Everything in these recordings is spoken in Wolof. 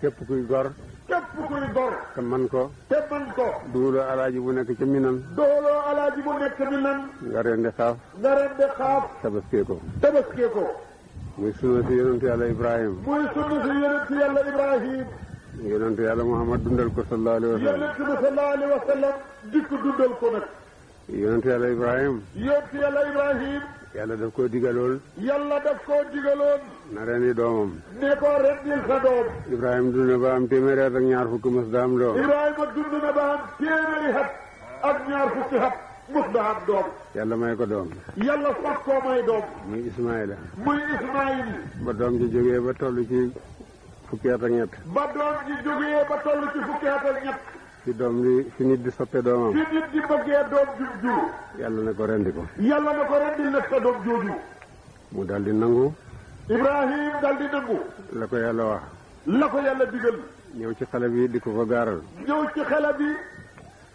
képp kuy gor képp kuy gor te man ko te man ko duuloo alaaji bu nekk ca minan duuloo alaaji bu nekk minan nga reende xaaf nga reende xaaf tabaskee ko tabaskee ko muy sunna si yonent yàlla ibrahim muy sunna si yonent yàlla ibrahim yonent yàlla muhammad dundal ko sallallahu alayhi wa sallam yonent bi sallallahu alayhi dundal ko nag yonentu yàlla Ibrahim. yonentu yàlla Ibrahim. yàlla daf koo digaloon. yàlla daf koo digaloon. na rendi doomam. ne rendil sa doom. Ibrahima dund na ba am téeméeri at ak ñaar fukki mos da am doom. Ibrahima dund na ba am téeméeri at ak ñaar fukki at mos doom. yàlla may ko doom. yàlla sax koo may doom. muy Ismaïla. muy Ismaïl. ba doom ji jógee ba toll ci fukki at ak ñett. ba doom ji jógee ba toll ci fukki at ak ñett. fi doom li fi nit di soppe doomam. fi nit di bëggee doom jur jur. yàlla na ko rendi ko. yàlla na ko rendi na sa doom jooju. mu daal di nangu. Ibrahim daal nangu. la ko yàlla wax. la ko yàlla digal. ñëw ci xale bi di ko fa gaaral. ñëw ci xale bi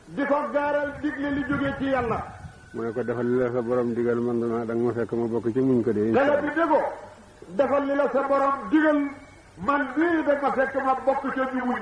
di ko gaaral digle li jógee ci yàlla. mu ne ko defal li la sa borom digal man danaa da nga ma fekk ma bokk ci muñ ko dee. xale bi déggoo defal li la sa borom digal man nii da nga fekk ma bokk ca ñu muñ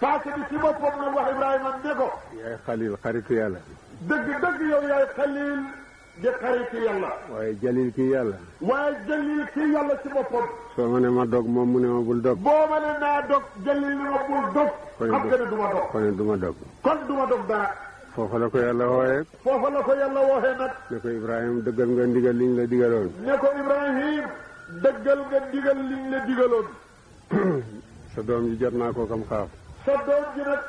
دیکھو ابراہیم گندگی دیکھو kam xaaf. sa doom ji nag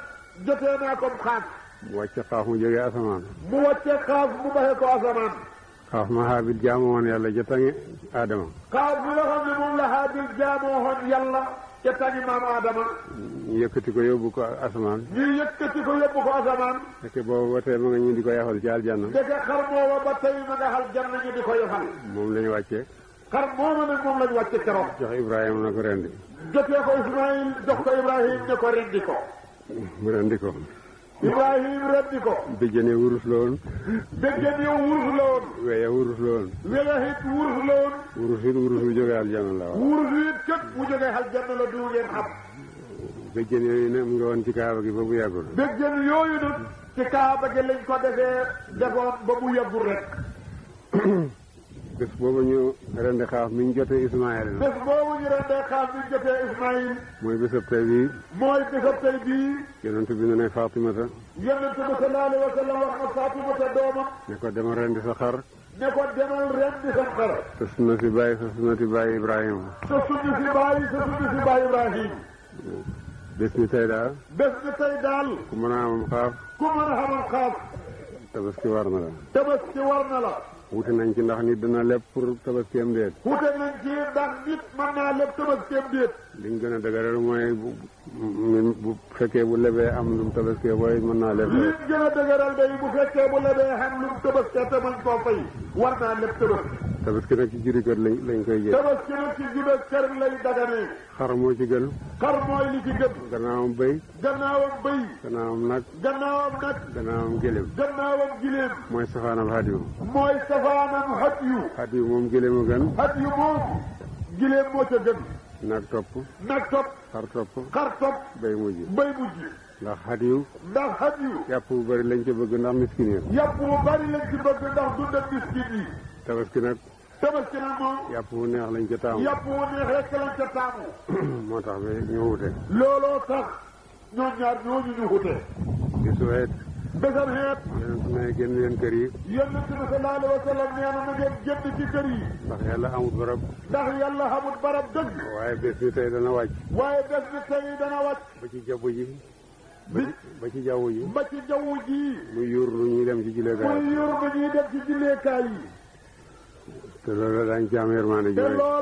jotee naa ko xaas. mu wàcce xaaf mu jógee asamaan. mu wàcce xaaf mu baxee ko asamaan. xaaf ma xaabil jaamu woon yàlla ca tangi Adama. xaaf bi nga xam ne moom la xaabil jaamu woon yàlla ca tangi maam Adama. ñu yëkkati ko yóbbu ko asamaan. ñu yëkkati ko yóbbu ko asamaan. fekk boobu ba tey ma nga ñu di ko yaxal ci aljanna. fekk xar booba ba tey ma nga xal janna ñu di ko yaxal. moom la ñu wàccee. xar mooma nag moom lañ wàcce keroog. jox Ibrahima na ko rendi. jotee ko Ismaïl ko Ibrahima ne ko rendi ko. mu rendi ko. Ibrahima wurus la woon. wurus la weya wurus la woon. wurus la woon. wurus wu jógee aljanna la waaw. wurus it képp wu jógee aljanna la du ngeen xam. yooyu nag mu ngi ci kaaba gi ba bu yàggul. béjjën yooyu nag ci kaaba gi lañ ko defee defoon ba bu yàggul rek. bés boobu ñu rendi xaaf mi ñu jotee Ismaïl na. bés boobu ñu rendee xaaf mi jotee Ismaïl. mooy bésab tey bii. mooy bésab tey bii. yonent bi ne ne Fatimata. yonent bi sallallahu alayhi wa sallam wax na Fatimata doomam. ne ko demal rendi sa xar. ne ko demal rendi sa xar. sa sunna si bàyyi sa sunna si bàyyi Ibrahima. sa sunna si bàyyi sa sunna si bàyyi Ibrahima. bés ni tey daal. bés ni tey daal. ku mën a amam xaaf. ku mën a amam xaaf. tabaski war na la. tabaski war na wuute nañ ci ndax nit dana leb pour tabaskeem déet wuute nañ ci ndax nit mën naa leb tabaskeem déet liñ gën a dëgëral mooy bu bu lebee am lum tabaskee booy mën naa leb liñ gën a dëgëral day bu fekkee lebee am lum tabaskee te mën koo fay war naa leb نگ ٹپ نگ ٹپ ہر ٹپ ٹپ نہ اپنے tabaski nag moom. yàpp wu neex lañ ca taamu. yàpp wu neex rek lañ ca taamu. moo tax ba ñu wute. looloo tax ñoom ñaar ñooñu ñu wute. bisu xeet. bésam xeet. yéen a ngi génn leen kër yi. yéen a ngi tudd wa sallam nee na génn ci kër yi. ndax yàlla amut barab. ndax yàlla amut barab dëgg. waaye bés bi tey dana wàcc. waaye bés bi tey dana wàcc. ba ci jaww ji. ba ci jaww ji. ba ci jaww ji. muy yur lu ñuy dem ci julleekaay. ñuy dem ci julleekaay yi. کیا مہربانی